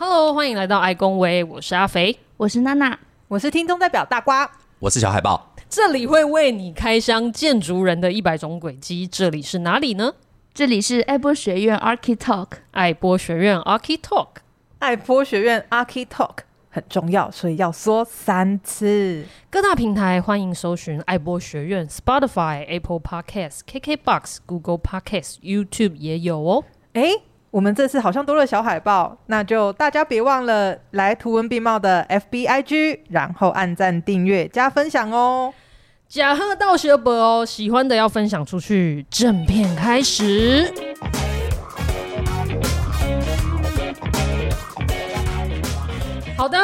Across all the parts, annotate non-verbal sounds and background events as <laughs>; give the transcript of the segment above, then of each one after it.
Hello，歡迎來到艾工威，我是阿肥，我是娜娜，我是聽眾代表大瓜，我是小海豹。這裡會為你開箱建築人的一百種軌跡，這裡是哪裡呢？這裡是艾波學院 ArchiTALK 艾波學院 ArchiTALK 艾波學院 ArchiTALK 很重要，所以要說三次。各大平台歡迎搜尋艾波學院，Spotify、Apple Podcasts、KKBox、Google Podcasts、YouTube 也有哦。欸我們這次好像多了小海報，那就大家別忘了來圖文並茂的 FBIG，然後按讚、訂閱、加分享哦，呷好道相報哦，喜歡的要分享出去。正片開始， <music> 好的。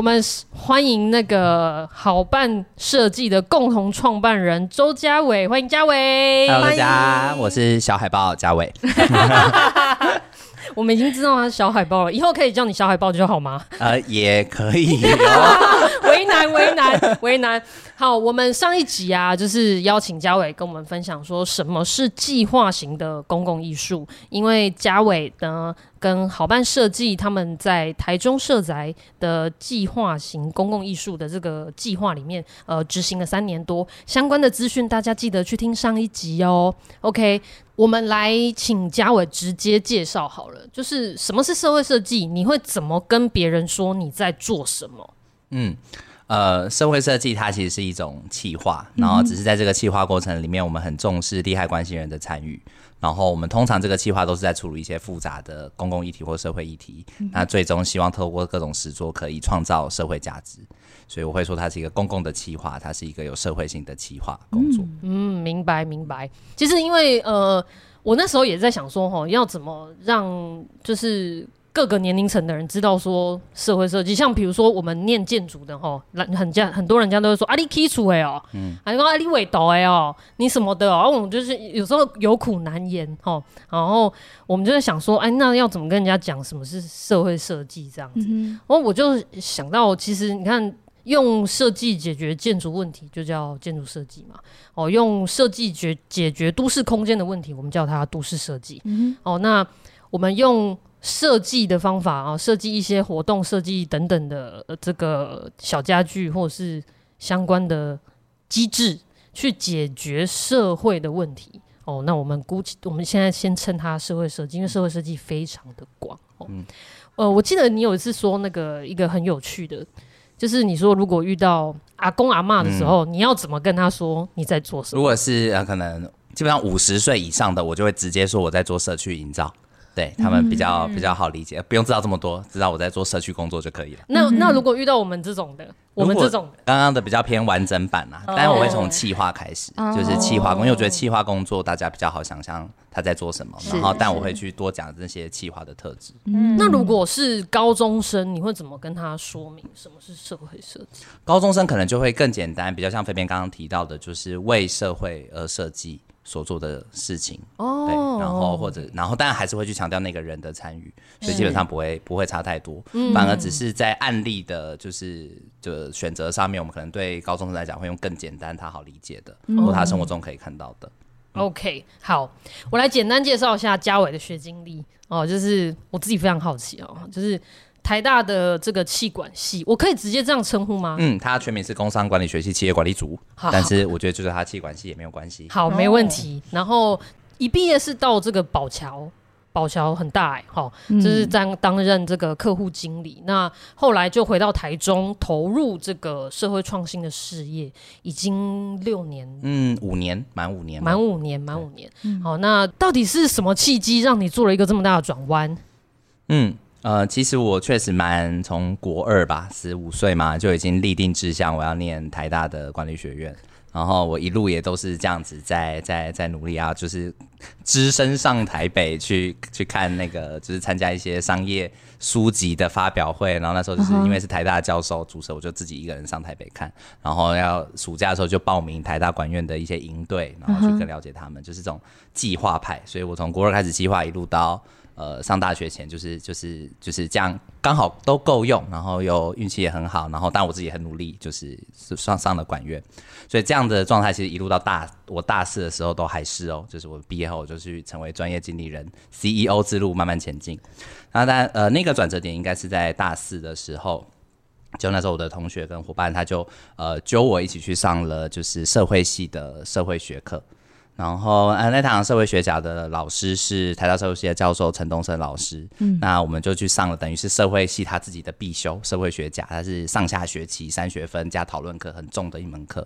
我們歡迎那個好伴社計的共同創辦人周家緯，歡迎家緯！Hello，大家，我是小海豹，家緯。 <laughs> <laughs> 我們已經知道他是小海豹了，以後可以叫你小海豹就好嗎？呃，也可以喔。 <laughs> <laughs> 微難為難為難。好，我們上一集啊，就是邀請家緯跟我們分享說什麼是計劃型的公共藝術。因為家緯呢，跟好伴社計他們在台中社宅的計劃型公共藝術的這個計劃裡面，呃，執行了三年多。相關的資訊大家記得去聽上一集哦。OK，我們來請家緯直接介紹好了，就是什麼是社會設計？你會怎麼跟別人說你在做什麼？嗯。呃，社會設計它其實是一種企劃，然後只是在這個企劃過程裡面，我們很重視利害關係人的參與。然後我們通常這個企劃都是在處理一些複雜的公共議題或社會議題，那最終希望透過各種實作可以創造社會價值。所以我會說它是一個公共的企劃，它是一個有社會性的企劃工作。嗯，嗯，明白明白。其實因為呃，我那時候也在想說，哦，要怎麼讓就是。各個年齡層的人知道說社會設計，像比如說我們念建築的吼，很家很多人家都會說阿里 K 出哎哦，啊你講阿里味道誒，哦，你什麼的哦、啊，我們就是有時候有苦難言吼、哦，然後我們就在想說，哎，那要怎麼跟人家講什麼是社會設計這樣子？哦、嗯，我就想到其實你看用設計解決建築問題就叫建築設計嘛，哦，用設計解決解決都市空間的問題，我們叫它都市設計。嗯、哦，那我們用。設計的方法啊，設計一些活動，設計等等的這個小家具，或者是相關的機制，去解決社會的問題。哦，那我們估計，我們現在先稱它社會設計，因為社會設計非常的廣。哦。嗯，呃，我記得你有一次說那個一個很有趣的，就是你說如果遇到阿公阿嬤的時候，嗯，你要怎麼跟他說你在做什麼？如果是呃，可能基本上五十歲以上的，我就會直接說我在做社區營造。對他們比較比較好理解、嗯，不用知道這麼多，知道我在做社區工作就可以了。那那如果遇到我們這種的，我們這種剛剛的比較偏完整版啊，oh, okay. 但我會從企劃開始，oh, okay. 就是企劃工，因為我覺得企劃工作大家比較好想象他在做什麼，oh. 然後但我會去多講這些企劃的特質、嗯。那如果是高中生，你會怎麼跟他說明什麼是社會設計？高中生可能就會更簡單，比較像肥編剛剛提到的，就是為社會而設計。所做的事情哦、oh.，然後或者然後，當然還是會去強調那個人的參與，oh. 所以基本上不會、欸、不會差太多、嗯，反而只是在案例的、就是，就是就選擇上面，我們可能對高中生來講會用更簡單、他好理解的、嗯，或他生活中可以看到的。嗯、OK，好，我來簡單介紹一下家緯的學經歷哦，就是我自己非常好奇哦，就是。台大的這個企管系，我可以直接這樣稱呼嗎？嗯，他全名是工商管理學系企業管理組，但是我覺得就是他企管系也沒有關係。好，沒問題。哦、然後一畢業是到這個寶僑，寶僑很大哎、欸，好，就是當擔任這個客戶經理、嗯。那後來就回到台中，投入這個社會創新的事業，已經六年，嗯，五年，滿五,五年，滿五年，滿五年。好，那到底是什麼契機讓你做了一個這麼大的轉彎？嗯。呃，其實我確實蠻從國二吧，十五歲嘛就已經立定志向，我要念台大的管理學院。然後我一路也都是這樣子在在在，在努力啊，就是只身上台北去去看那個，就是參加一些商業書籍的發表會。然後那時候就是因為是台大教授、uh -huh. 主持我就自己一個人上台北看。然後要暑假的時候就報名台大管院的一些營隊，然後去更了解他們，uh -huh. 就是這種計劃派。所以我從國二開始計劃，一路到。呃，上大學前就是就是就是這樣，剛好都夠用，然後又運氣也很好，然後但我自己很努力，就是上上了管院，所以這樣的狀態其實一路到大我大四的時候都還是哦，就是我畢業後我就去成為專業經理人，CEO 之路慢慢前進。那但呃那個轉折點應該是在大四的時候，就那時候我的同學跟夥伴他就呃揪我一起去上了就是社會系的社會學課。然後，呃，那堂社會學甲的老師是台大社會系的教授陳東升老師。嗯，那我們就去上了，等於是社會系他自己的必修社會學甲，他是上下學期三學分加討論課，很重的一門課。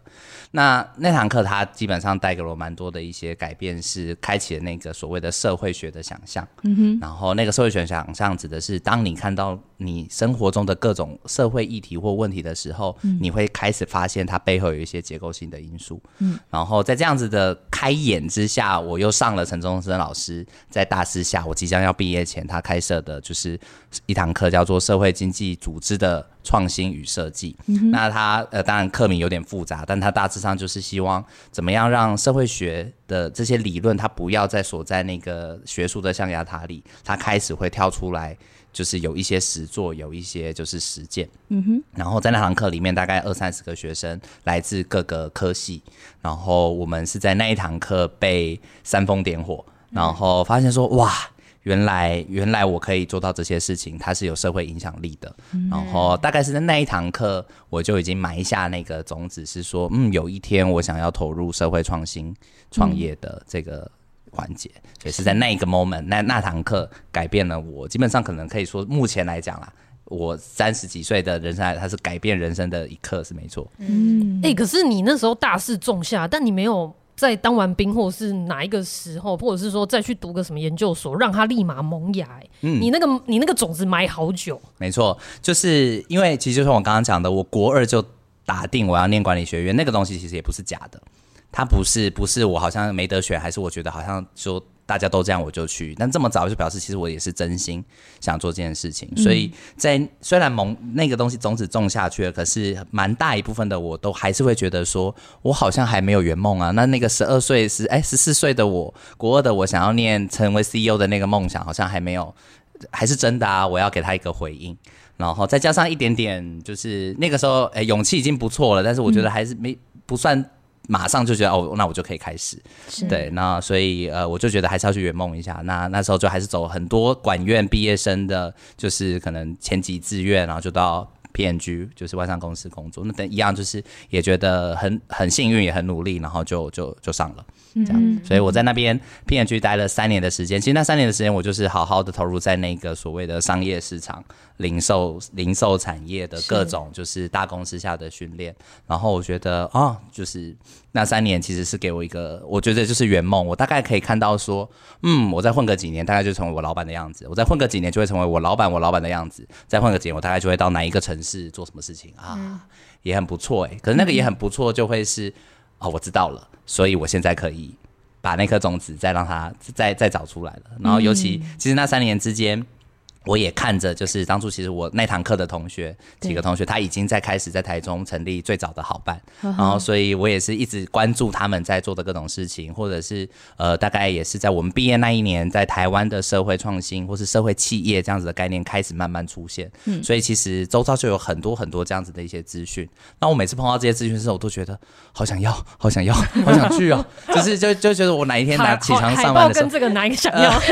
那那堂課他基本上帶給了我蠻多的一些改變，是開啟了那個所謂的社會學的想象。嗯哼，然後那個社會學想象指的是當你看到，你生活中的各種社會議題或問題的時候，嗯，你會開始發現它背後有一些結構性的因素。嗯，然後在這樣子的開眼之下，我又上了陳宗生老師在大四下，我即將要畢業前，他開設的就是一堂課，叫做《社會經濟組織的創新與設計》嗯。那他呃，當然課名有點複雜，但他大致上就是希望怎麼樣讓社會學的這些理論，它不要再鎖在那個學術的象牙塔裡，他開始會跳出來。就是有一些實作，有一些就是實踐，嗯哼。然後在那堂課裡面，大概二三十個學生來自各個科系，然後我們是在那一堂課被煽風點火，然後發現說，嗯，哇，原來原來我可以做到這些事情，它是有社會影響力的。然後大概是在那一堂課，我就已經埋下那個種子，是說嗯，有一天我想要投入社會創新創業的這個，嗯，環節，所以是在那一個 moment，那那堂課改變了我。基本上可能可以說，目前來講啦，我三十幾歲的人生，它是改變人生的一刻，是沒錯。嗯，哎、欸，可是你那時候大事種下，但你沒有在當完兵，或者是哪一個時候，或者是說再去讀個什麼研究所，讓它立馬萌芽、欸。嗯，你那個你那個種子埋好久。沒錯，就是因為其實就像我剛剛講的，我國二就打定我要念管理學院，那個東西其實也不是假的。他不是不是我好像沒得選，還是我覺得好像說大家都這樣我就去。但這麼早就表示其實我也是真心想做這件事情。嗯、所以在雖然萌那個東西種子種下去了，可是蠻大一部分的我都還是會覺得說我好像還沒有圓夢啊。那那個十二歲是誒，十四歲的我，國二的我想要念成為 CEO 的那個夢想好像還沒有，還是真的啊。我要給他一個回應，然後再加上一點點就是那個時候誒、欸，勇氣已經不錯了，但是我覺得還是沒不算。馬上就覺得哦，那我就可以開始，是對。那所以呃，我就覺得還是要去圓夢一下。那那時候就還是走很多管院畢業生的，就是可能前幾志願，然後就到 P&G 就是外商公司工作。那等一樣就是也覺得很很幸運，也很努力，然後就就就上了。嗯，所以我在那邊 P&G 待了三年的時間、嗯。其實那三年的時間，我就是好好的投入在那個所謂的商業市場、零售、零售產業的各種，就是大公司下的訓練。然後我覺得啊，就是那三年其實是給我一個，我覺得就是圓夢。我大概可以看到說，嗯，我再混個幾年，大概就成為我老板的樣子；我再混個幾年，就會成為我老板，我老板的樣子。再混個幾年，我大概就會到哪一個城市做什麼事情啊，啊，也很不錯哎、欸。可是那個也很不錯，就會是、嗯、哦，我知道了。所以，我現在可以把那顆種子再讓它再再找出來了。然後，尤其其實那三年之間。我也看着，就是當初其實我那堂課的同學幾個同學，他已經在開始在台中成立最早的好伴，然後所以我也是一直關注他們在做的各種事情，或者是呃大概也是在我們畢業那一年，在台灣的社會創新或是社會企業這樣子的概念開始慢慢出現，嗯、所以其實周遭就有很多很多這樣子的一些資訊。那我每次碰到這些資訊的時候，我都覺得好想要，好想要，好想去啊， <laughs> 就是就就覺得我哪一天拿起床上班的時候，跟這個男想要、呃。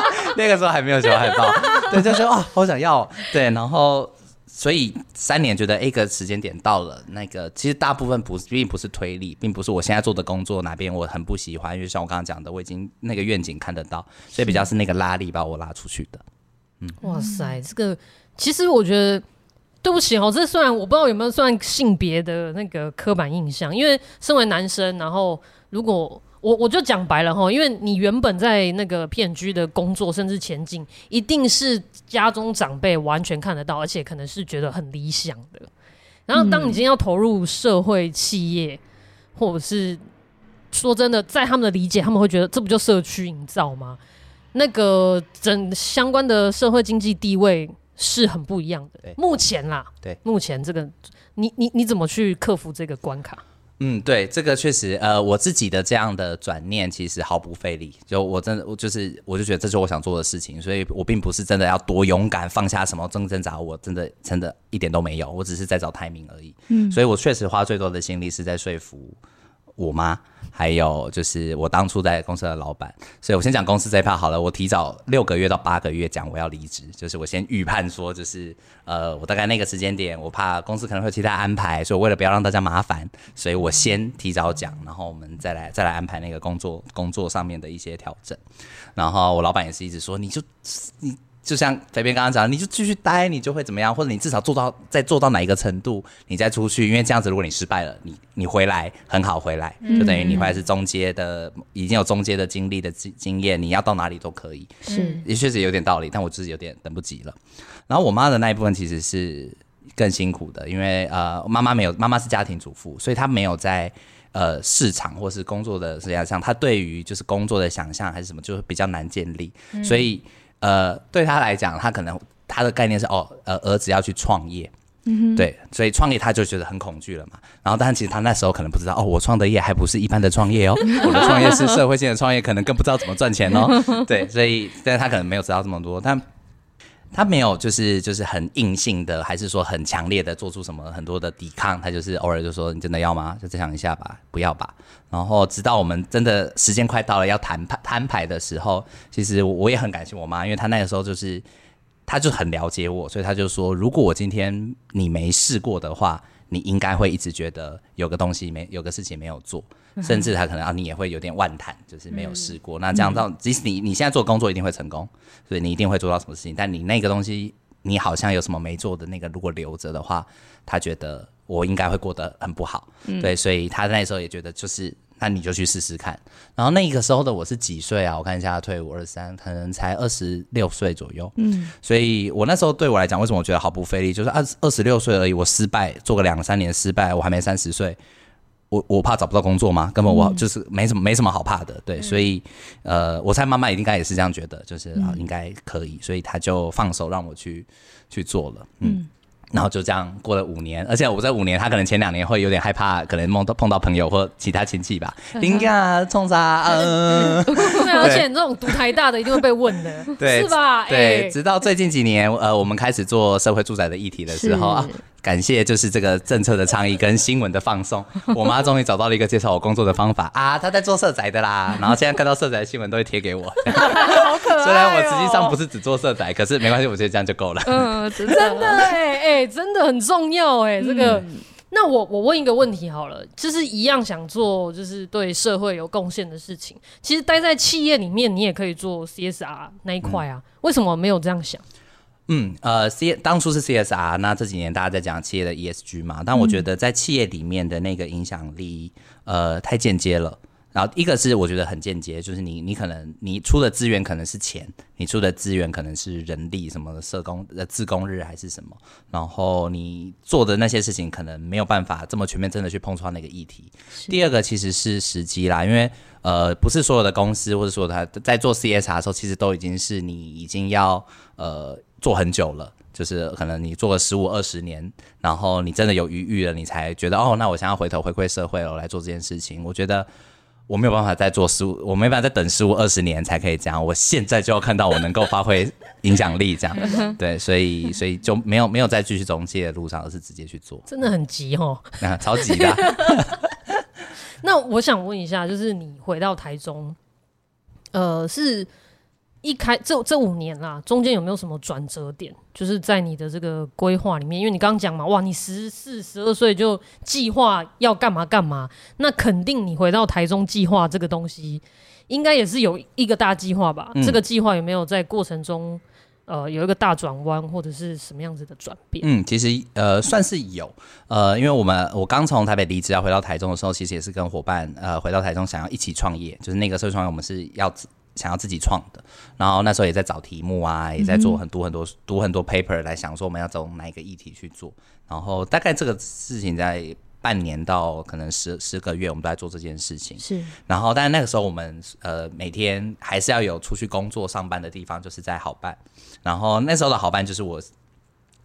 <laughs> 那個時候還沒有小海報， <laughs> 對，就是啊、哦，好想要，對，然後所以三年覺得一個時間點到了，那個其實大部分不是，並不是推理，並不是我現在做的工作哪邊我很不喜歡，因為像我剛剛講的，我已經那個願景看得到，所以比較是那個拉力把我拉出去的。嗯，哇塞，這個其實我覺得，對不起哦，這算，我不知道有沒有算性別的那個刻板印象，因為身為男生，然後如果。我我就講白了哈，因為你原本在那個 P&G 的工作甚至前景，一定是家中長輩完全看得到，而且可能是覺得很理想的。然後當你今天要投入社會企業，嗯、或者是說真的，在他們的理解，他們會覺得這不就社區營造嗎？那個整相關的社會經濟地位是很不一樣的。目前啦，對，目前這個你你你怎麼去克服這個關卡？嗯，對，這個確實，呃，我自己的這樣的轉念其實毫不費力，就我真的，我就是，我就覺得這是我想做的事情，所以我並不是真的要多勇敢放下什麼掙扎，我真的真的，一點都沒有，我只是在找 timing 而已，嗯，所以我確實花最多的心力是在說服。我媽，還有就是我當初在公司的老闆，所以我先講公司這一趴好了。我提早六個月到八個月講我要離職，就是我先預判說，就是呃，我大概那個時間點，我怕公司可能會有其他安排，所以我為了不要讓大家麻煩，所以我先提早講，然後我們再來再來安排那個工作工作上面的一些調整。然後我老闆也是一直說，你就你。就像肥編剛剛講，你就繼續待，你就會怎麼樣？或者你至少做到，再做到哪一個程度，你再出去，因為這樣子，如果你失敗了，你你回來很好，回來、嗯、就等於你回來是中階的，已經有中階的經歷的經驗，你要到哪裡都可以。是也確實有點道理，但我自己有點等不及了。然後我媽的那一部分其實是更辛苦的，因為呃，媽媽沒有，媽媽是家庭主婦，所以她沒有在呃市場或是工作的實際上，她對於就是工作的想象還是什麼，就是比較難建立，嗯、所以。呃，對他來講，他可能他的概念是哦，呃，兒子要去創業。嗯，對，所以創業他就覺得很恐懼了嘛。然後，但其實他那時候可能不知道，哦，我創的業還不是一般的創業哦， <laughs> 我的創業是社會性的創業，可能更不知道怎麼賺錢哦。 <laughs> 對，所以，但是他可能沒有知道這麼多，但。他沒有，就是就是很硬性的，還是說很強烈的做出什麼很多的抵抗，他就是偶爾就說你真的要嗎？就再想一下吧，不要吧。然後直到我們真的時間快到了要談判攤牌的時候，其實我也很感謝我媽，因為她那個時候就是她就很了解我，所以她就說如果我今天你沒試過的話。你應該會一直覺得有個東西沒有個事情沒有做，甚至他可能、啊、你也會有點萬談，就是沒有試過、嗯。那這樣到即使你你現在做工作一定會成功，所以你一定會做到什麼事情，但你那個東西你好像有什麼沒做的那個，如果留着的話，他覺得我應該會過得很不好。嗯，對，所以他那時候也覺得就是。那你就去試試看。然後那個時候的我是幾歲啊？我看一下退，退伍二三，可能才二十六歲左右。嗯，所以我那時候對我來講，為什麼我覺得毫不費力？就是二二十六歲而已，我失敗，做個兩三年失敗，我還沒三十歲，我我怕找不到工作嘛？根本我就是沒什麼、嗯、沒什麼好怕的。對，嗯、所以呃，我猜媽媽應該也是這樣覺得，就是應該可以，嗯、所以她就放手讓我去去做了。嗯。嗯然後就這樣過了五年，而且我這五年，他可能前兩年會有點害怕，可能夢到碰到朋友或其他親戚吧，感、uh -huh. 啊衝啥？ <laughs> 呃、 <laughs> 對，而且這種讀台大的一定會被問的， <laughs> 對是吧？對，直到最近幾年，呃，我們開始做社會住宅的議題的時候。感謝就是這個政策的倡議跟新聞的放送，我媽終於找到了一個介紹我工作的方法 <laughs> 啊！她在做社宅的啦，然後現在看到社宅的新聞都會貼給我、 <laughs> <laughs> 喔。雖然我實際上不是只做社宅，可是沒關係，我覺得這樣就夠了。 <laughs> 嗯，真的哎、欸、哎、欸，真的很重要哎、欸，這個。嗯、那我我問一個問題好了，就是一樣想做就是對社會有貢獻的事情，其實待在企業裡面你也可以做 CSR 那一塊啊、嗯，為什麼我沒有這樣想？嗯，呃，C 當初是 CSR，那這幾年大家在講企業的 ESG 嘛，但我覺得在企業裡面的那個影響力，嗯，呃，太間接了。然後，一個是我覺得很間接，就是你你可能你出的資源可能是錢，你出的資源可能是人力，什麼的社工呃，自工日還是什麼，然後你做的那些事情可能沒有辦法這麼全面，真的去碰觸那個議題。第二個其實是時機啦，因為呃，不是所有的公司或者說他在做 CSR 的時候，其實都已經是你已經要呃。做很久了，就是可能你做了十五二十年，然後你真的有餘欲了，你才覺得哦，那我想要回頭回饋社會了，我來做這件事情。我覺得我沒有辦法再做十五，我沒辦法再等十五二十年才可以這樣。我現在就要看到我能夠發揮影響力，這樣 <laughs> 對，所以所以就沒有沒有再繼續中介的路上，而是直接去做。真的很急哦， <laughs> 啊，超急的啊。 <laughs> <laughs> 那我想問一下，就是你回到台中，呃，是。一開這這五年啦、啊，中間有沒有什麼轉折點？就是在你的這個規劃裡面，因為你剛剛講嘛，哇，你十四、十二歲就計劃要幹嘛幹嘛，那肯定你回到台中計劃這個東西，應該也是有一個大計劃吧、嗯？這個計劃有沒有在過程中，呃，有一個大轉彎或者是什麼樣子的轉變？嗯，其實呃算是有，呃，因為我們我剛從台北離職要回到台中的時候，其實也是跟伙伴呃回到台中想要一起創業，就是那個社會創業，我們是要。想要自己創的，然後那時候也在找題目啊，也在做很讀很多讀很多 paper 來想說我們要走哪一個議題去做。然後大概這個事情在半年到可能十十個月，我們都在做這件事情。是，然後但那個時候我們呃每天還是要有出去工作上班的地方，就是在好伴。然後那時候的好伴就是我。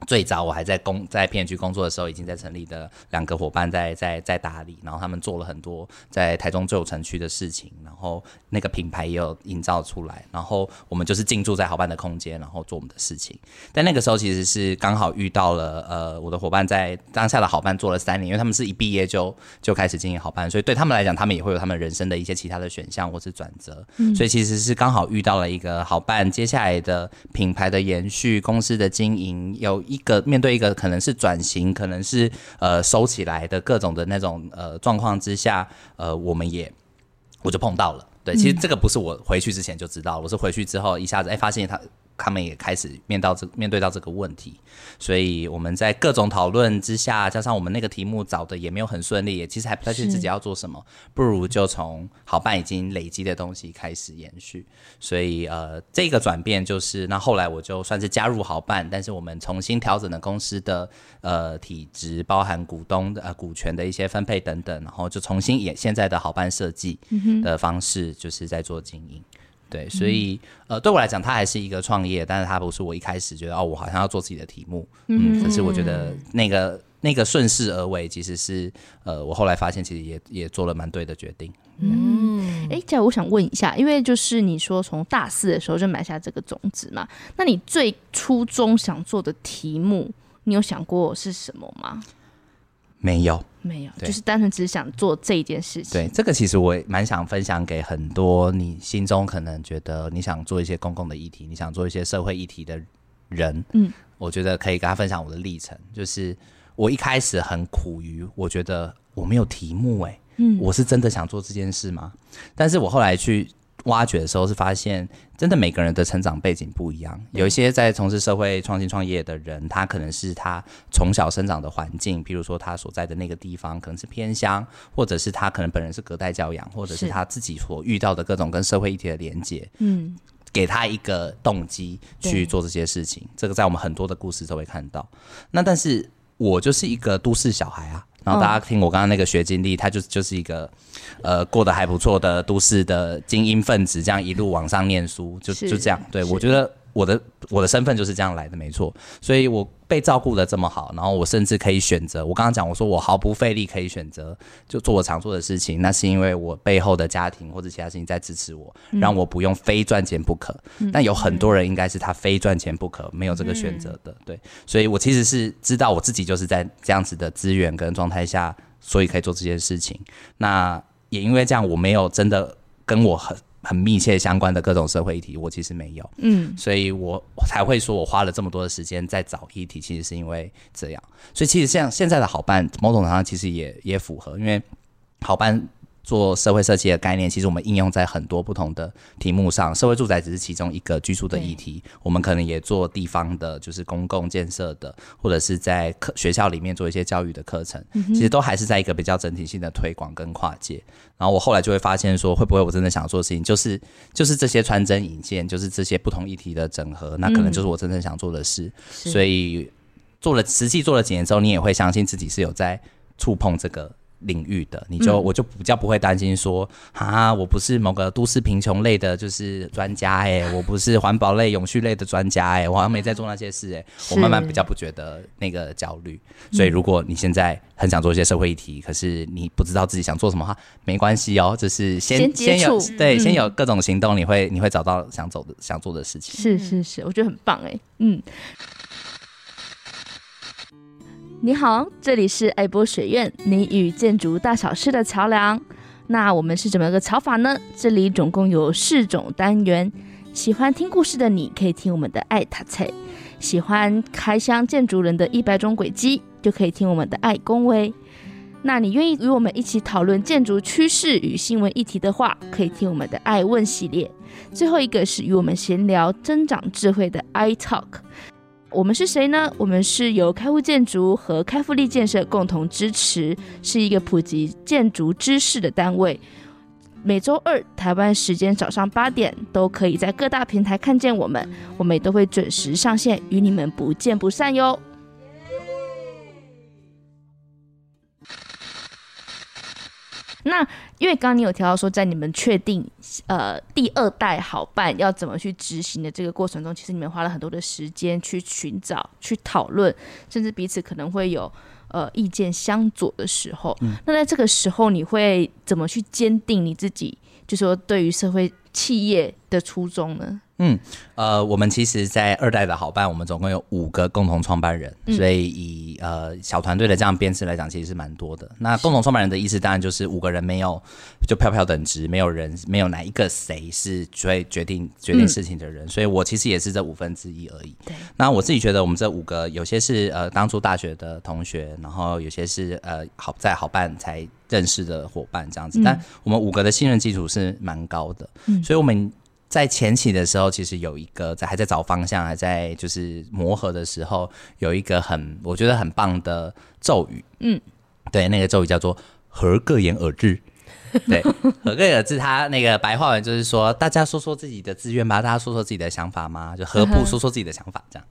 最早我還在工在 P&G 工作的時候，已經在成立的兩個伙伴在在在打理，然後他們做了很多在台中舊城區的事情，然後那個品牌也有營造出來，然後我們就是進駐在好伴的空間，然後做我們的事情。但那個時候其實是剛好遇到了呃我的伙伴在當下的好伴做了三年，因為他們是一畢業就就開始經營好伴，所以對他們來講，他們也會有他們人生的一些其他的選項或是轉折、嗯，所以其實是剛好遇到了一個好伴接下來的品牌的延續，公司的經營又。一個面對一個可能是轉型，可能是呃收起來的各種的那種呃狀況之下，呃我們也我就碰到了，對，嗯，其實這個不是我回去之前就知道，我是回去之後一下子哎、欸，發現他他們也開始面到這面對到這個問題，所以我們在各種討論之下，加上我們那個題目找的也沒有很順利，也其實還不太確定自己要做什麼，不如就從好伴已經累積的東西開始延續。所以呃，這個轉變就是那後來我就算是加入好伴，但是我們重新調整了公司的呃體制，包含股東的呃股權的一些分配等等，然後就重新以現在的好伴社計的方式，嗯、就是在做經營。對，所以、嗯、呃，對我來講，它還是一個創業，但是它不是我一開始覺得哦，我好像要做自己的題目，嗯，嗯可是我覺得那個那個順勢而為，其實是呃，我後來發現，其實也也做了蠻對的決定，嗯，哎，這樣我想問一下，因為就是你說從大四的時候就埋下這個種子嘛，那你最初衷想做的題目，你有想過是什麼嗎？沒有，沒有，就是單純只是想做這一件事情。對，這個其實我蠻想分享給很多你心中可能覺得你想做一些公共的議題，你想做一些社會議題的人。嗯，我覺得可以跟他分享我的歷程。就是我一開始很苦於，我覺得我沒有題目，欸，哎，嗯，我是真的想做這件事嗎？但是我後來去挖掘的時候是發現，真的每個人的成長背景不一樣。有一些在從事社會創新創業的人，他可能是他從小生長的環境，譬如說他所在的那個地方可能是偏鄉，或者是他可能本人是隔代教養，或者是他自己所遇到的各種跟社會議題的連接，嗯，給他一個動機去做這些事情。這個在我們很多的故事都會看到。那但是我就是一個都市小孩啊。然後大家聽我剛剛那個學經歷，哦、他就就是一個，呃，過得還不錯的都市的精英分子，這樣一路往上念書，就就這樣。對，我覺得。我的我的身份就是這樣來的，沒錯，所以我被照顧得這麼好，然後我甚至可以選擇。我剛剛講，我說我毫不費力可以選擇，就做我常做的事情，那是因為我背後的家庭或者其他事情在支持我，嗯、讓我不用非賺錢不可、嗯。但有很多人應該是他非賺錢不可、嗯，沒有這個選擇的。對，所以我其實是知道我自己就是在這樣子的資源跟狀態下，所以可以做這件事情。那也因為這樣，我沒有真的跟我很。很密切相關的各種社會議題，我其實沒有，嗯，所以我，我才會說我花了這麼多的時間在找議題，其實是因為這樣。所以其實像現在的好伴某種程度上其實也也符合，因為好伴。做社會設計的概念，其實我們應用在很多不同的題目上。社會住宅只是其中一個居住的議題，我們可能也做地方的，就是公共建設的，或者是在課學校裡面做一些教育的課程、嗯。其實都還是在一個比較整體性的推廣跟跨界。然後我後來就會發現說，會不會我真的想做的事情，就是就是這些穿針引線，就是這些不同議題的整合，嗯、那可能就是我真正想做的事。所以做了實際做了幾年之後，你也會相信自己是有在觸碰這個。領域的你就我就比較不會擔心說、嗯、啊我不是某個都市貧窮類的就是專家哎、欸、我不是環保類永續類的專家哎、欸、我好像沒在做那些事哎、欸、我慢慢比較不覺得那個焦慮，所以如果你現在很想做一些社會議題、嗯、可是你不知道自己想做什麼話、啊、沒關係哦、喔、就是先先，接觸先有對、嗯、先有各種行動，你會你會找到想走的想做的事情，是是是我覺得很棒哎、欸、嗯。你好，這裡是艾波學院，你與建築大小事的橋樑。那我們是怎麼個橋法呢？這裡總共有四種單元。喜歡聽故事的，你可以聽我們的艾塔菜；喜歡開箱建築人的一百種軌跡，就可以聽我們的艾工威。那你願意與我們一起討論建築趨勢與新聞議題的話，可以聽我們的艾問系列。最後一個是與我們閒聊增長智慧的艾 Talk。我們是誰呢？我們是由開戶建築和開復力建設共同支持，是一個普及建築知識的單位。每周二台灣時間早上八點，都可以在各大平台看見我們。我們也都會準時上線，與你們不見不散喲。Yeah! 那因為剛剛你有提到說，在你們確定。呃，第二代好伴，要怎麼去執行的這個過程中，其實你們花了很多的時間去尋找、去討論，甚至彼此可能會有呃意見相左的時候。嗯、那在這個時候，你會怎麼去堅定你自己？就是說，對於社會企業的初衷呢？嗯，呃，我們其實，在二代的好伴，我們總共有五個共同創辦人，所以以呃小團隊的這樣編制來講，其實是蠻多的。那共同創辦人的意思，當然就是五個人沒有就票票等值，沒有人沒有哪一個誰是最決定決定事情的人。嗯、所以，我其實也是這五分之一而已。對。那我自己覺得，我們這五個有些是呃當初大學的同學，然後有些是呃好在好伴才認識的夥伴這樣子、嗯。但我們五個的信任基礎是蠻高的、嗯，所以我們。在前期的時候，其實有一個在還在找方向，還在就是磨合的時候，有一個很我覺得很棒的咒語，嗯，對，那個咒語叫做「盍各言爾志」，對，「盍各言爾志」，他那個白話文就是說， <laughs> 大家說說自己的志願吧，大家說說自己的想法嗎？就何不說說自己的想法這樣？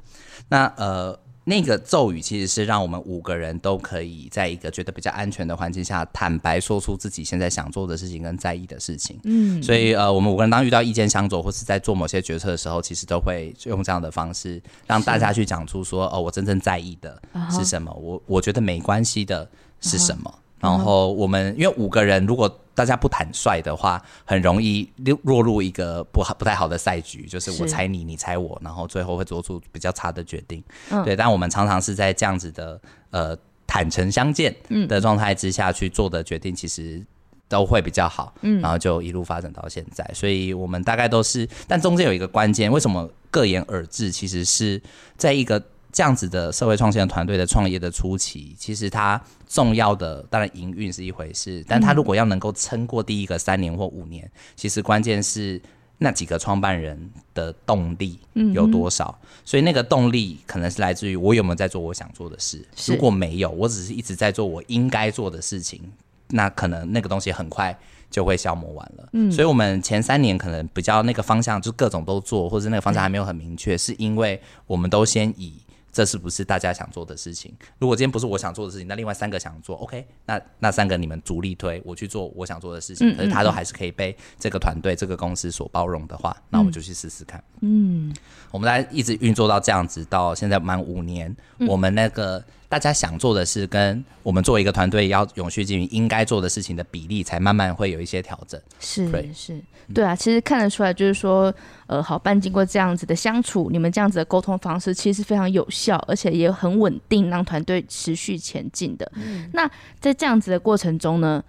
那呃。那個咒語其實是讓我們五個人都可以在一個覺得比較安全的環境下，坦白說出自己現在想做的事情跟在意的事情。嗯，所以呃，我們五個人當遇到意見相左或是在做某些決策的時候，其實都會用這樣的方式讓大家去講出說，哦，我真正在意的是什麼，Uh-huh. 我我覺得沒關係的是什麼。Uh-huh. 然後我們因為五個人，如果大家不坦率的話，很容易落落入一個不好、不太好的賽局，就是我猜你，你猜我，然後最後會做出比較差的決定。對，但我們常常是在這樣子的呃坦誠相見的狀態之下去做的決定，其實都會比較好。然後就一路發展到現在。所以我們大概都是，但中間有一個關鍵，為什麼各言而至，其實是在一個。這樣子的社會創新的團隊的創業的初期，其實它重要的當然營運是一回事，但它如果要能夠撐過第一個三年或五年，嗯、其實關鍵是那幾個創辦人的動力有多少嗯嗯。所以那個動力可能是來自於我有沒有在做我想做的事。如果沒有，我只是一直在做我應該做的事情，那可能那個東西很快就會消磨完了、嗯。所以我們前三年可能比較那個方向就各種都做，或是那個方向還沒有很明確、嗯，是因為我們都先以。這是不是大家想做的事情？如果今天不是我想做的事情，那另外三個想做，OK？那那三個你們主力推，我去做我想做的事情，嗯嗯嗯，可是他都還是可以被這個團隊、這個公司所包容的話，那我們就去試試看。嗯，嗯，我們來一直運作到這樣子，到現在滿五年，我們那個。大家想做的事跟我們作為一個團隊要永續經營應該做的事情的比例，才慢慢會有一些調整。是是、嗯，對啊，其實看得出來，就是說，呃，好伴經過這樣子的相處，你們這樣子的溝通方式其實是非常有效，而且也很穩定，讓團隊持續前進的。嗯，那在這樣子的過程中呢，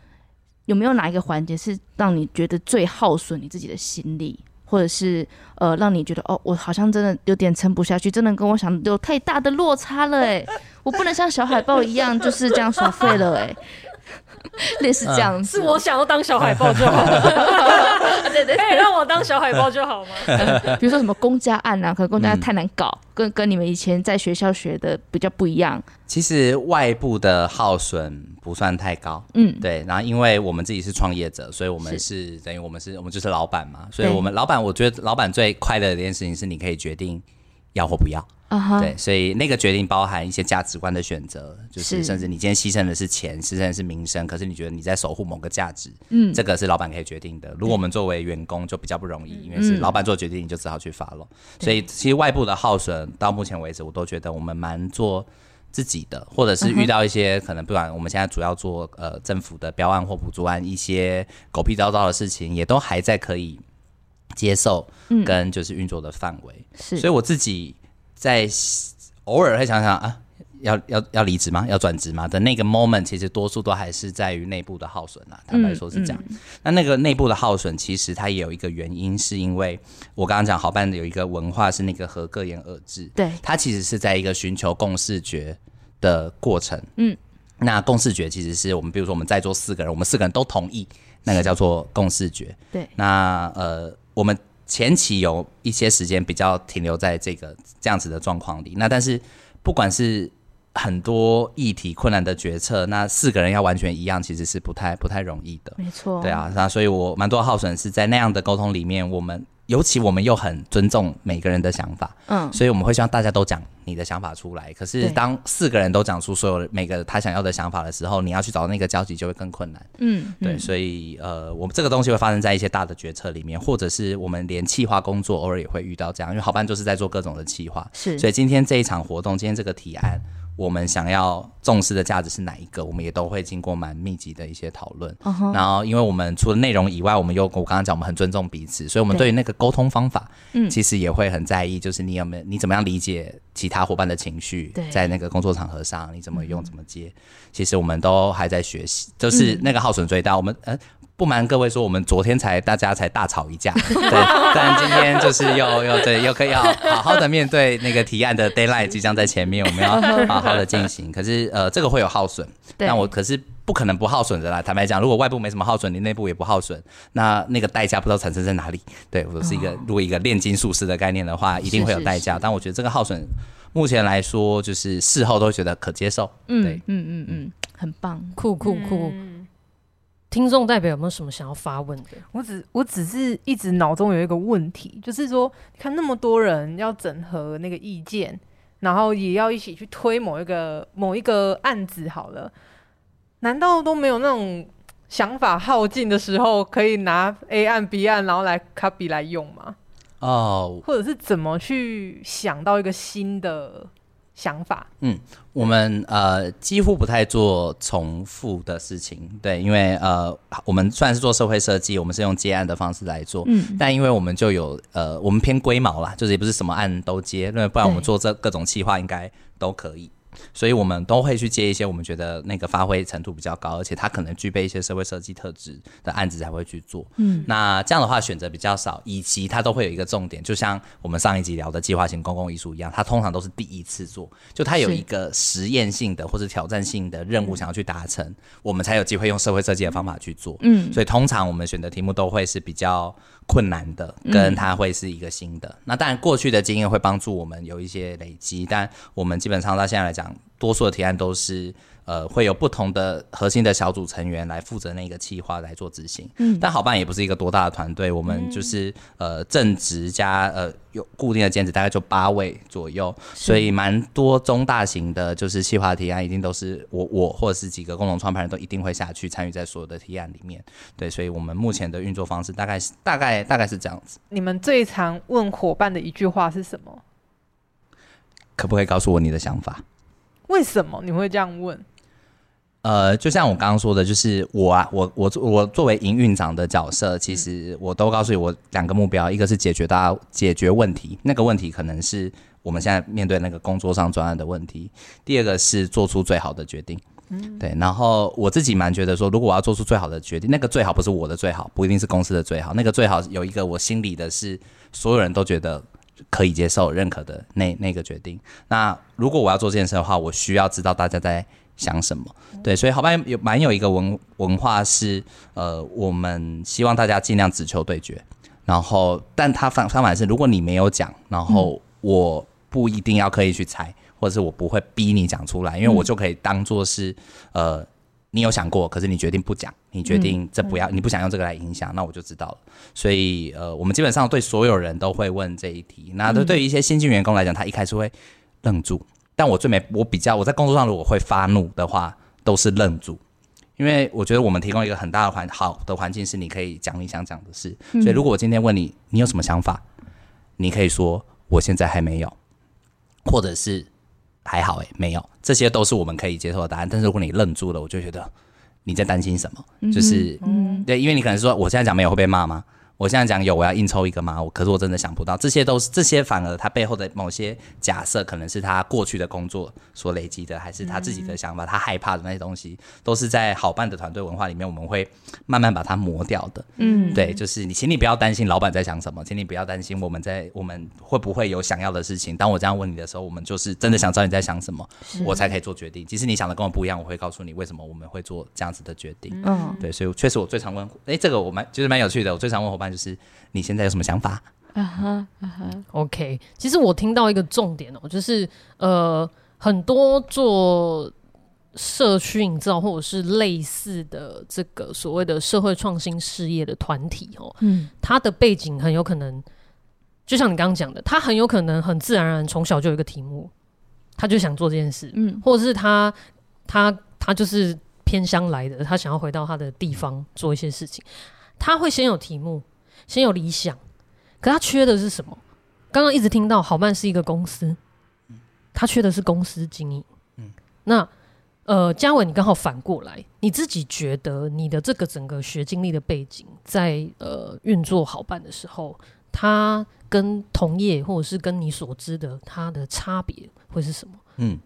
有沒有哪一個環節是讓你覺得最耗損你自己的心力？或者是呃，讓你覺得哦，我好像真的有點撐不下去，真的跟我想的有太大的落差了哎，欸， <laughs> 我不能像小海豹一樣就是這樣耍廢了哎，欸。 <laughs> <laughs> 類似這樣子，嗯，是我想要當小海報就好了，對 <laughs> 對， <laughs> <laughs> <laughs> 欸，讓我當小海報就好了 <laughs> 比如說什麼公家案啊，可能公家案太難搞，跟，嗯，跟你們以前在學校學的比較不一樣。其實外部的耗損不算太高，嗯，對。然後因為我們自己是創業者，所以我們是，是等於我們是，我們就是老闆嘛，所以我們老闆，我覺得老闆最快樂的一件事情是你可以決定要或不要。Uh -huh. 對，所以那個決定包含一些價值觀的選擇，就是甚至你今天犧牲的是錢，犧牲的是名聲，可是你覺得你在守護某個價值，嗯，這個是老板可以決定的。如果我們作為員工就比較不容易，因為是老板做決定，你就只好去 follow、嗯。所以其實外部的耗損到目前為止，我都覺得我們蠻做自己的，或者是遇到一些、uh -huh、可能不管我們現在主要做呃政府的標案或補助案一些狗屁倒灶的事情，也都還在可以接受跟就是運作的範圍。是、嗯，所以我自己。在偶爾會想想啊，要要要離職嗎？要轉職嗎？的那個 moment，其實多數都還是在於內部的耗損啊、嗯、坦白說是這樣。嗯、那那個內部的耗損，其實它也有一個原因，是因為我剛剛講好伴的有一個文化是那個和個言而治，對，它其實是在一個尋求共識決的過程。嗯，那共識決其實是我們，比如說我們在座四個人，我們四個人都同意，那個叫做共識決。對，那呃，我們。前期有一些時間比較停留在這個這樣子的狀況裡，那但是不管是很多議題困難的決策，那四個人要完全一樣其實是不太不太容易的。沒錯，對啊，那所以我蠻多耗損是在那樣的溝通裡面，我們。尤其我們又很尊重每個人的想法，嗯，所以我們會希望大家都講你的想法出來。可是當四個人都講出所有每個他想要的想法的時候，你要去找那個交集就會更困難，嗯，嗯對。所以呃，我們這個東西會發生在一些大的決策裡面，或者是我們連企劃工作偶爾也會遇到這樣，因為好伴就是在做各種的企劃，是。所以今天這一場活動，今天這個提案。我們想要重視的價值是哪一個？我們也都會經過蠻密集的一些討論。Uh-huh. 然後，因為我們除了內容以外，我們又我剛剛講，我們很尊重彼此，所以我們對於那個溝通方法，嗯，其實也會很在意，嗯，就是你有沒有你怎麼樣理解其他夥伴的情緒，在那個工作場合上，你怎麼用，嗯嗯，怎麼接，其實我們都還在學習，就是那個耗損最大。我們嗯。呃不瞞各位說，我們昨天才大家才大吵一架，對，但今天就是又又對又可以好好好的面對那個提案的 daylight 即將在前面，我們要好好的進行。可是呃，這個會有耗損，但我可是不可能不耗損的啦。坦白講，如果外部沒什麼耗損，你內部也不耗損，那那個代價不知道產生在哪裡。對我是一個、哦、如果一個鍊金術師的概念的話，一定會有代價。但我覺得這個耗損目前來說，就是事後都覺得可接受。對嗯嗯嗯嗯，很棒，酷酷酷。嗯聽眾代表有沒有什麼想要發問的？我只我只是一直腦中有一個問題，就是說，看那麼多人要整合那個意見，然後也要一起去推某一個某一個案子，好了，難道都沒有那種想法耗盡的時候，可以拿 A 案、B 案，然後來 copy 來用嗎？哦、oh，或者是怎麼去想到一個新的？想法，嗯，我們呃幾乎不太做重複的事情，對，因為呃我們雖然是做社會設計，我們是用接案的方式來做，嗯，但因為我們就有呃我們偏龜毛啦，就是也不是什麼案都接，因為不然我們做這各種企劃應該都可以。所以，我們都會去接一些我們覺得那個發揮程度比較高，而且它可能具備一些社會設計特質的案子才會去做。嗯，那這樣的話選擇比較少，以及它都會有一個重點，就像我們上一集聊的計劃型公共藝術一樣，它通常都是第一次做，就它有一個實驗性的或者挑戰性的任務想要去達成，嗯，我們才有機會用社會設計的方法去做。嗯，所以通常我們選的題目都會是比較困難的，跟它會是一個新的。嗯，那當然，過去的經驗會幫助我們有一些累積，但我們基本上到現在來講，多數的提案都是，呃，會有不同的核心的小組成員來負責那個企劃，來做執行，嗯，但好伴也不是一個多大的團隊，嗯，我們就是呃正職加呃有固定的兼職，大概就八位左右，所以蠻多中大型的就是企劃提案，一定都是我我或者是幾個共同創辦人都一定會下去參與在所有的提案裡面，對，所以我們目前的運作方式大概是，嗯、大概大概是這樣子。你們最常問夥伴的一句話是什麼？可不可以告訴我你的想法？為什麼你會這樣問？呃，就像我剛剛說的，就是我啊，我我我作為營運長的角色，其實我都告訴你，我兩個目標，一個是解決大家解決問題，那個問題可能是我們現在面對那個工作上專案的問題；第二個是做出最好的決定。嗯，對。然後我自己蠻覺得說，如果我要做出最好的決定，那個最好不是我的最好，不一定是公司的最好，那個最好有一個我心裡的是所有人都覺得可以接受、認可的那那個決定。那如果我要做這件事的話，我需要知道大家在。想什麼？對，所以好伴有蠻有一個文文化是，呃，我們希望大家盡量直球對決。然後，但他反，反而是，如果你沒有講，然後我不一定要刻意去猜，或者是我不會逼你講出來，因為我就可以當做是，嗯，呃，你有想過，可是你決定不講，你決定這不要，嗯，你不想用這個來影響、嗯，那我就知道了。所以，呃，我們基本上對所有人都會問這一題。那對於一些新進員工來講，他一開始會愣住。但我最沒我比較我在工作上如果會發怒的話，都是愣住，因為我覺得我們提供一個很大的環好的環境，是你可以講你想講的事、嗯，所以如果我今天問你你有什麼想法，你可以說我現在還沒有，或者是還好誒、欸，沒有，這些都是我們可以接受的答案。但是如果你愣住了，我就覺得你在擔心什麼，就是嗯，嗯，對，因為你可能說我現在講沒有會被罵嗎？我現在講有，我要硬抽一個嗎？我可是我真的想不到，這些都是這些反而他背後的某些假設，可能是他過去的工作所累積的，還是他自己的想法、嗯，他害怕的那些東西，都是在好辦的團隊文化裡面，我們會慢慢把它磨掉的。嗯，對，就是你，請你不要擔心老板在想什麼，請你不要擔心我們在我們會不會有想要的事情。當我這樣問你的時候，我們就是真的想知道你在想什麼、嗯，我才可以做決定。即使你想的跟我不一樣，我會告訴你為什麼我們會做這樣子的決定。嗯，對，所以確實我最常問，哎、欸，這個我蠻就是蠻有趣的，我最常問夥伴。就是你現在有什麼想法？啊哈啊哈，OK。其實我聽到一個重點哦、喔，就是呃，很多做社區營造或者是類似的這個所謂的社會創新事業的團體哦、喔，嗯，他的背景很有可能就像你剛剛講的，他很有可能很自然而然從小就有一個題目，他就想做這件事，嗯，或者是他他他就是偏鄉來的，他想要回到他的地方做一些事情，他會先有題目。先有理想，可他缺的是什麼？剛剛一直聽到好伴是一個公司，嗯，他缺的是公司經營，嗯。那呃，家緯，你剛好反過來，你自己覺得你的這個整個學經歷的背景在，在呃運作好伴的時候，他跟同業或者是跟你所知的他的差別會是什麼？嗯，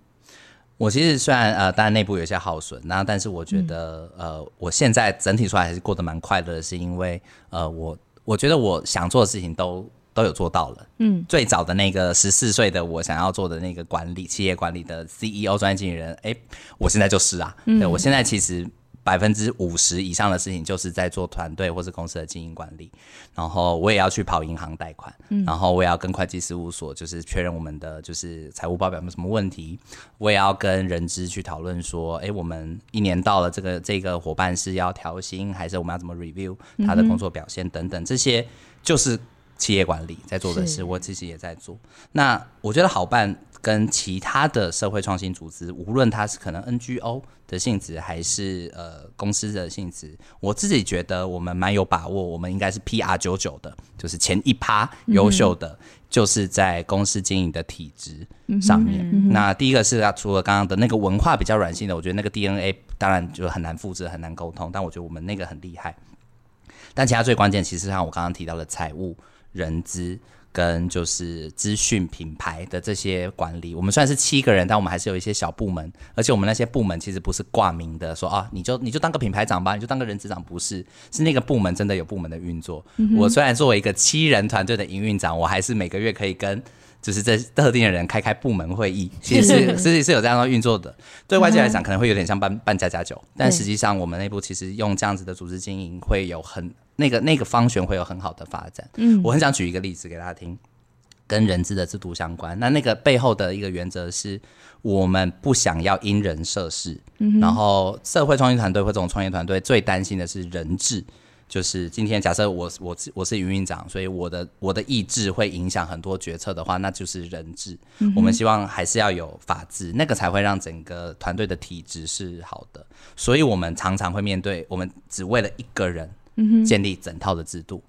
我其實雖然呃，當然內部有些耗損，那但是我覺得、嗯、呃，我現在整體出來還是過得蠻快樂的，是因為呃我。我覺得我想做的事情都都有做到了。嗯，最早的那個十四歲的我想要做的那個管理企業管理的 CEO 專業經理人，哎、欸，我現在就是啊。嗯，對，我現在其實。百分之五十以上的事情就是在做團隊或是公司的經營管理，然後我也要去跑銀行貸款、嗯，然後我也要跟會計事務所就是確認我們的就是財務報表有什麼問題，我也要跟人資去討論說，哎、欸，我們一年到了這個這個夥伴是要調薪，還是我們要怎麼 review 他的工作表現等等，嗯嗯，這些就是企業管理在做的事，我自己也在做。那我覺得好伴。跟其他的社會創新組織，無論它是可能 NGO 的性質，還是呃公司的性質，我自己覺得我們蠻有把握，我們應該是 PR 九九的，就是前一趴優秀的、嗯，就是在公司經營的體制上面、嗯。那第一個是除了剛剛的那個文化比較軟性的，我覺得那個 DNA 當然就很難複製、很難溝通，但我覺得我們那個很厲害。但其他最關鍵的其實像我剛剛提到的財務、人資。跟就是資訊品牌的這些管理，我們雖然是七個人，但我們還是有一些小部門，而且我們那些部門其實不是掛名的，說啊，你就你就當個品牌長吧，你就當個人資長，不是，是那個部門真的有部門的運作、嗯。我雖然作為一個七人團隊的營運長，我還是每個月可以跟就是這特定的人開開部門會議，其實是其實際是有這樣的運作的。 <laughs> 對外界來講可能會有點像辦辦家家酒，但實際上我們內部其實用這樣子的組織經營會有很。那個那個方選會有很好的發展。嗯，我很想舉一個例子給大家聽，跟人治的制度相關。那那個背後的一個原則是，我們不想要因人設事。嗯，然後社會創新團隊或這種創業團隊最擔心的是人治。就是今天假設我我我是營運長，所以我的我的意志會影響很多決策的話，那就是人治。嗯。我們希望還是要有法治，那個才會讓整個團隊的體質是好的。所以我們常常會面對，我們只為了一個人，嗯哼，建立整套的制度，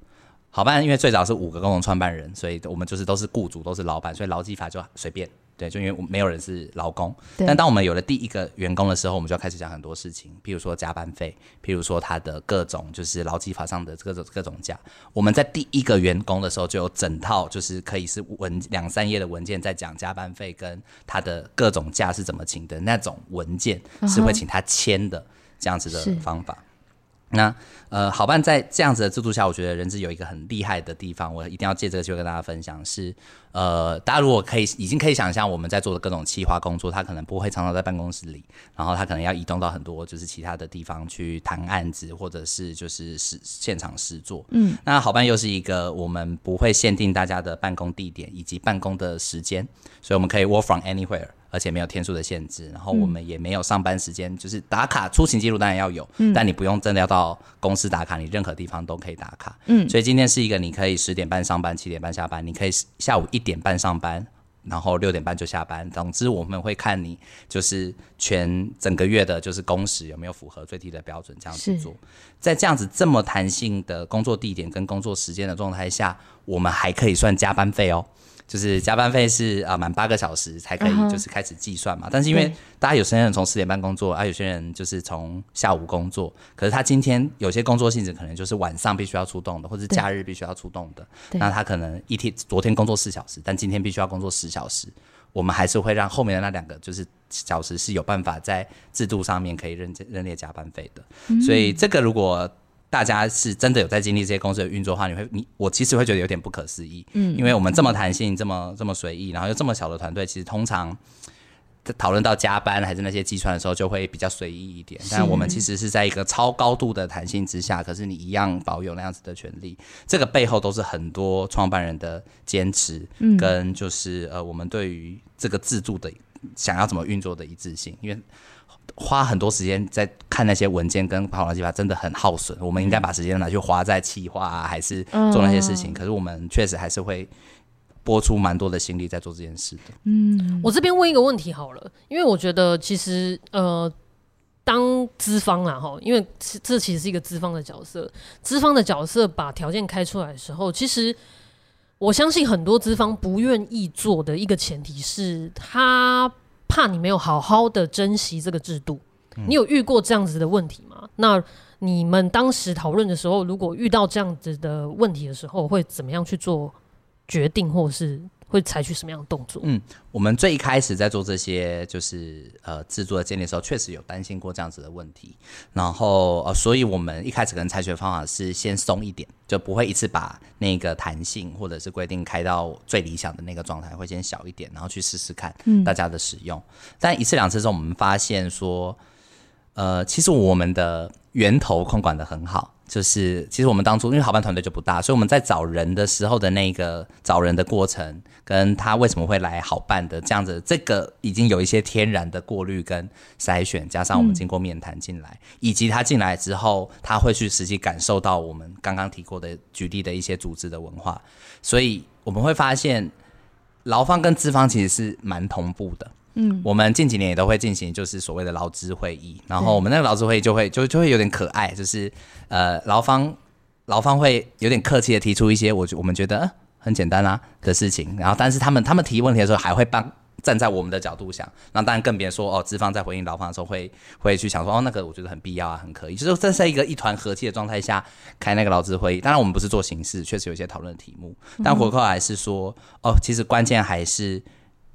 好吧？因為最早是五個共同創辦人，所以我們就是都是雇主，都是老闆，所以勞基法就隨便。對，就因為我們沒有人是勞工。對。但當我們有了第一個員工的時候，我們就要開始講很多事情，譬如說加班費，譬如說他的各種就是勞基法上的各種各種假。我們在第一個員工的時候就有整套，就是可以是文兩三頁的文件，在講加班費跟他的各種假是怎麼請的那種文件，是會請他簽的這樣子的方法。Uh-huh 那呃，好伴在這樣子的制度下，我覺得人資有一個很厲害的地方，我一定要借這個機會跟大家分享是，呃，大家如果可以，已經可以想象我們在做的各種企劃工作，他可能不會常常在辦公室裡，然後他可能要移動到很多就是其他的地方去談案子，或者是就是是現場試做。嗯，那好伴又是一個我們不會限定大家的辦公地點以及辦公的時間，所以我們可以 work from anywhere。而且沒有天數的限制，然後我們也沒有上班時間、嗯，就是打卡、出勤紀錄當然要有，但你不用真的要到公司打卡，你任何地方都可以打卡。嗯，所以今天是一個你可以十點半上班，七點半下班，你可以下午一點半上班，然後六點半就下班。總之，我們會看你就是全整個月的就是工時有沒有符合最低的標準，這樣子做，在這樣子這麼彈性的工作地點跟工作時間的狀態下，我們還可以算加班費哦。就是加班費是啊，滿，呃，八個小時才可以就是開始計算嘛。Uh-huh. 但是因為大家有些人從四點半工作，啊有些人就是從下午工作，可是他今天有些工作性質可能就是晚上必須要出動的，或者假日必須要出動的，那他可能一天昨天工作四小時，但今天必須要工作十小時，我們還是會讓後面的那兩個就是小時是有辦法在制度上面可以認認列加班費的。嗯。所以這個如果。大家是真的有在經歷這些公司的運作的話，你會你我其實會覺得有點不可思議，嗯，因為我們這麼彈性，這麼這麼隨意，然後又這麼小的團隊，其實通常在討論到加班還是那些計算的時候，就會比較隨意一點。但我們其實是在一個超高度的彈性之下，可是你一樣保有那樣子的權利。這個背後都是很多創辦人的堅持，嗯，跟就是呃，我們對於這個自助的想要怎麼運作的一致性，因為。花很多時間在看那些文件跟跑來雞巴，真的很耗損。我們應該把時間拿去花在企劃啊，還是做那些事情。嗯、可是我們確實還是會撥出蠻多的心力在做這件事的。嗯，我這邊問一個問題好了，因為我覺得其實呃，當資方啊哈，因為這其實是一個資方的角色，資方的角色把條件開出來的時候，其實我相信很多資方不願意做的一個前提是他。怕你沒有好好的珍惜這個制度，你有遇過這樣子的問題嗎？嗯、那你們當時討論的時候，如果遇到這樣子的問題的時候，會怎麼樣去做決定，或是？會採取什麼樣的動作？嗯，我們最一開始在做這些就是呃制作的建立的時候，確實有擔心過這樣子的問題。然後呃，所以我們一開始可能採取的方法是先鬆一點，就不會一次把那個彈性或者是規定開到最理想的那個狀態，會先小一點，然後去試試看大家的使用。嗯。但一次兩次之後，我們發現說，呃，其實我們的源頭控管得很好。就是，其實我們當初因為好伴團隊就不大，所以我們在找人的時候的那個找人的過程，跟他為什麼會來好伴的這樣子，這個已經有一些天然的過濾跟篩選，加上我們經過面談進來，嗯、以及他進來之後，他會去實際感受到我們剛剛提過的舉例的一些組織的文化，所以我們會發現，勞方跟資方其實是蠻同步的。嗯，我們近幾年也都會進行，就是所謂的勞資會議。然後我們那個勞資會議就會就就會有點可愛，就是呃，勞方勞方會有點客氣的提出一些我我們覺得很簡單啊的事情。然後，但是他們他們提問題的時候，還會幫站在我們的角度想。然後，當然更別說哦，資方在回應勞方的時候會，會會去想說哦，那個我覺得很必要啊，很可以。就是說，在在一個一團和氣的狀態下開那個勞資會議。當然，我們不是做形式，確實有一些討論題目。但回扣還是說哦，其實關鍵還是。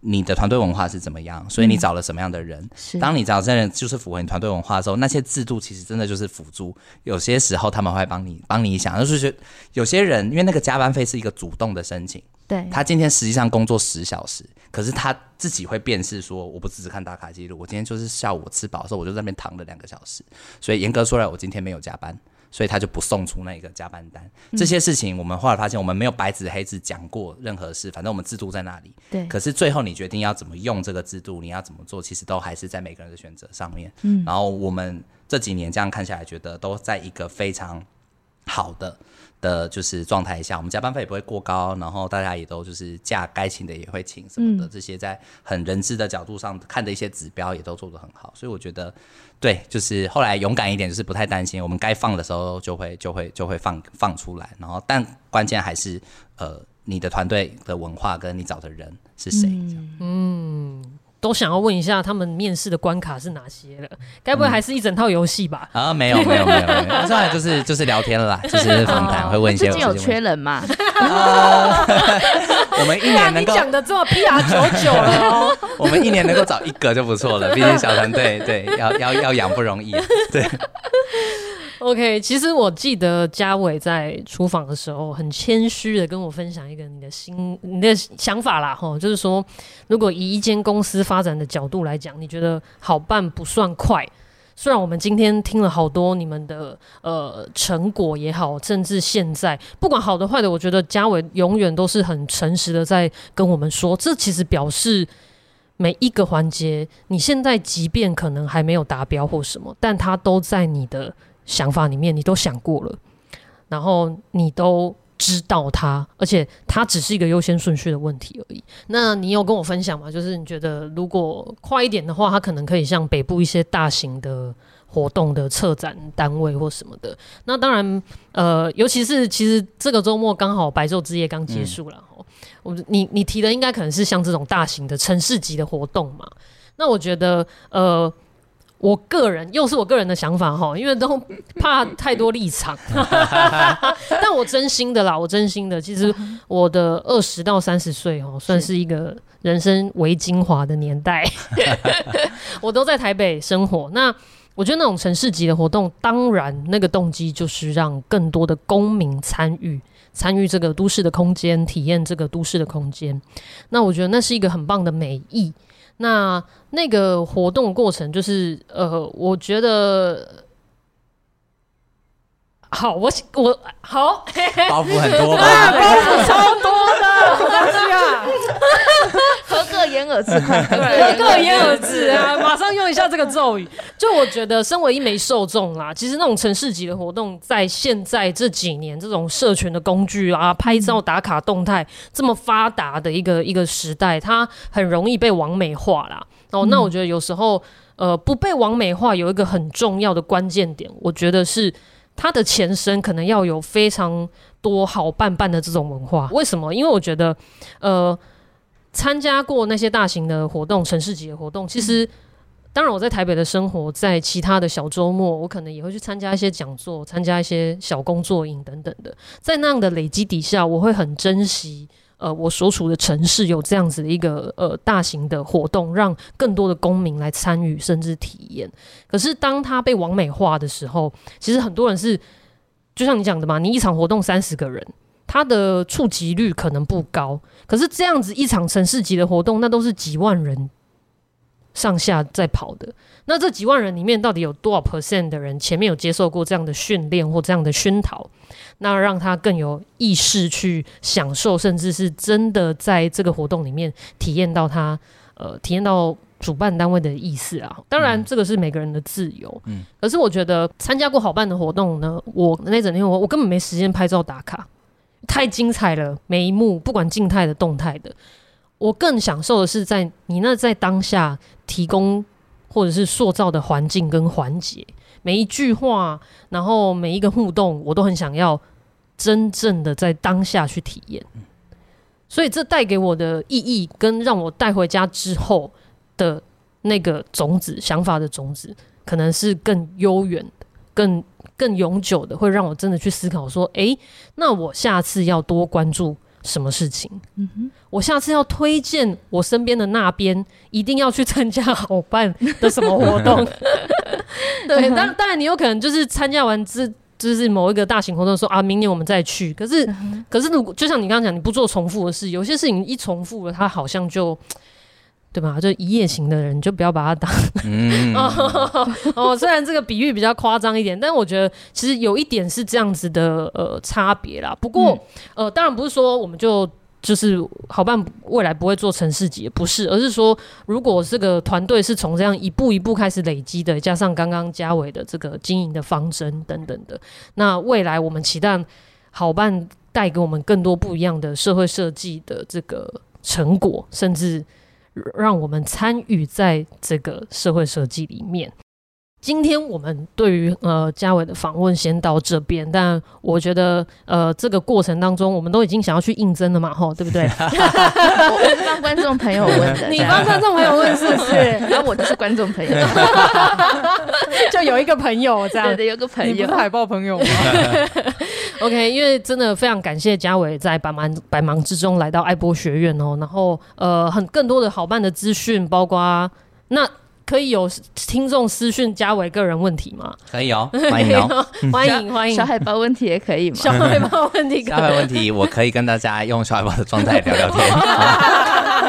你的團隊文化是怎麼樣？所以你找了什麼樣的人？嗯、是。當你找這些人就是符合你團隊文化的時候，那些制度其實真的就是輔助。有些時候他們會幫你幫你想，就是覺有些人因為那個加班費是一個主動的申請。對，他今天實際上工作十小時，可是他自己會辨識說，我不只是看打卡記錄，我今天就是下午我吃飽的時候我就在那邊躺了兩個小時，所以嚴格說來，我今天沒有加班。所以他就不送出那個加班單，嗯、這些事情我們後來發現，我們沒有白紙黑字講過任何事，反正我們制度在那裡。對，可是最後你決定要怎麼用這個制度，你要怎麼做，其實都還是在每個人的選擇上面。嗯，然後我們這幾年這樣看下來，覺得都在一個非常好的。的就是狀態下，我們加班費也不會過高，然後大家也都就是假該請的也會請什麼的，嗯、這些在很人資的角度上看的一些指標也都做得很好，所以我覺得對，就是後來勇敢一點，就是不太擔心，我們該放的時候就會就會就會，就會放放出來，然後但關鍵還是呃你的團隊的文化跟你找的人是誰。嗯。嗯都想要問一下他們面試的關卡是哪些了？該不會還是一整套遊戲吧、嗯？啊，沒有沒有沒有沒有，現在就是就是聊天了啦，就是訪談、啊、會問一些。最近有缺人嗎、啊？我們一年能夠、啊，你講的這麼 PR99 的，我們一年能夠找一個就不錯了。畢竟小團隊，對，要要要養不容易、啊，對。OK，其實我記得家緯在廚房的時候，很謙虛的跟我分享一個你的心你的想法啦，吼、哦，就是說，如果以一間公司發展的角度來講，你覺得好伴不算快。雖然我們今天聽了好多你們的呃成果也好，甚至現在不管好的壞的，我覺得家緯永遠都是很誠實的在跟我們說，這其實表示每一個環節，你現在即便可能還沒有達標或什麼，但它都在你的。想法裡面你都想過了，然後你都知道它，而且它只是一個優先順序的問題而已。那你有跟我分享嗎？就是你覺得如果快一點的話，它可能可以像北部一些大型的活動的策展單位或什麼的。那當然，呃，尤其是其實這個周末剛好白晝之夜剛結束了，我、嗯、你你提的應該可能是像這種大型的城市級的活動嘛。那我覺得，呃。我個人又是我個人的想法哈，因為都怕太多立場。 <laughs> <laughs> <laughs> 但我真心的啦，我真心的，其實我的二十到三十歲哈，uh-huh. 算是一個人生為精華的年代。 <laughs> <laughs> 我都在台北生活，那我覺得那種城市級的活動，當然那個動機就是讓更多的公民參與參與這個都市的空間，體驗這個都市的空間。那我覺得那是一個很棒的美意。那那個活動過程就是，呃，我覺得。好，我我好，嘿嘿包袱很多啊，包袱超多的，對 <laughs> <laughs> 西啊，呵呵何個眼耳自誇，啊，何 <laughs> 個眼耳自啊， <laughs> 馬上用一下這個咒語。 <laughs> 就我覺得，身為一枚受眾啦，其實那種城市級的活動，在現在這幾年這種社群的工具啊，拍照打卡動態這麼發達的一個一個時代，它很容易被網美化啦，嗯。哦，那我覺得有時候，呃，不被網美化有一個很重要的關鍵點，我覺得是。他的前身可能要有非常多好伴伴的這種文化，為什麼？因為我覺得，呃，參加過那些大型的活動、城市級的活動，其實，當然我在台北的生活，在其他的小週末，我可能也會去參加一些講座、參加一些小工作營等等的，在那樣的累積底下，我會很珍惜。呃，我所處的城市有這樣子的一個呃大型的活動，讓更多的公民來參與甚至體驗。可是，當他被完美化的時候，其實很多人是就像你講的嘛，你一場活動三十個人，他的觸及率可能不高。可是這樣子一場城市級的活動，那都是幾萬人上下在跑的。那這幾萬人裡面，到底有多少 percent 的人前面有接受過這樣的訓練或這樣的熏陶那讓他更有意識去享受，甚至是真的在這個活動裡面體驗到他呃體驗到主辦單位的意思啊。當然，這個是每個人的自由。嗯，可、嗯、是我覺得參加過好伴的活動呢，我那整天我我根本沒時間拍照打卡，太精彩了，每一幕不管靜態的、動態的，我更享受的是在你那在當下提供，或者是塑造的環境跟環節，每一句話，然後每一個互動，我都很想要真正的在當下去體驗。所以這帶給我的意義，跟讓我帶回家之後的那個種子、想法的種子，可能是更悠遠、更更永久的，會讓我真的去思考說：哎、欸，那我下次要多關注。什麼事情、嗯哼？我下次要推薦我身邊的那邊一定要去參加好伴的什麼活動？ <laughs> <laughs> 對，當當然你有可能就是參加完之就是某一個大型活動說啊，明年我們再去。可是、嗯、可是如果就像你剛剛講，你不做重複的事，有些事情一重複了，它好像就。對吧？就一夜型的人，你就不要把它當。嗯 <laughs> 哦，哦，雖然這個比喻比較誇張一點， <laughs> 但我覺得其實有一點是這樣子的，呃，差別啦。不過，嗯、呃，當然不是說我們就就是好伴未來不會做城市級，不是，而是說如果這個團隊是從這樣一步一步開始累積的，加上剛剛家緯的這個經營的方針等等的，那未來我們期待好伴帶給我們更多不一樣的社會設計的這個成果，甚至。讓我們參與在這個社會設計裡面。今天我們對於呃家緯的訪問先到這邊，但我覺得呃這個過程當中我們都已經想要去應徵了嘛，吼，對不對？ <laughs> <laughs> <laughs> 我們是幫觀眾朋友問的， <laughs> 你幫觀眾朋友問是不是？ <laughs> <laughs> 然後我就是觀眾朋友 <laughs> ， <laughs> <laughs> 就有一個朋友這樣，對的，有個朋友也是海報朋友嗎？ <laughs> <laughs> OK，因為真的非常感謝家緯在百忙百忙之中來到艾波學院哦，喔，然後呃，很更多的好伴的資訊，包括那可以有聽眾私訊家緯個人問題嗎？可以哦，歡迎哦，哦歡迎 <laughs> 歡迎，小海豹問題也可以嗎？小海豹問題，可以。小海豹問題，我可以跟大家用小海豹的狀態聊聊天。 <laughs> 是嗎 <laughs>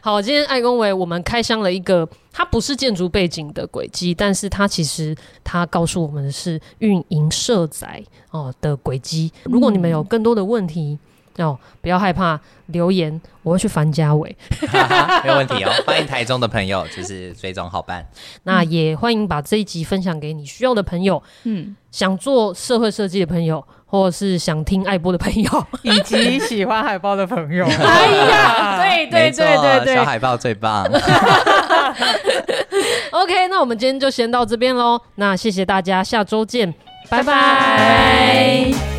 好，今天艾工威，我們開箱了一個，它不是建築背景的軌跡，但是它其實它告訴我們的是運營社宅哦的軌跡。如果你們有更多的問題，嗯、要不要害怕留言？我會去煩家緯，沒有問題。哦， <laughs> 歡迎台中的朋友，就是水總好伴。那也歡迎把這一集分享給你需要的朋友。嗯，想做社會設計的朋友。或是想聽愛播的朋友，以及喜歡海報的朋友 <laughs> ， <laughs> 哎呀，對對對對對，對，小海報最棒 <laughs> <laughs> OK，那我們今天就先到這邊嘍。那謝謝大家，下周見 <laughs> 拜拜，拜拜。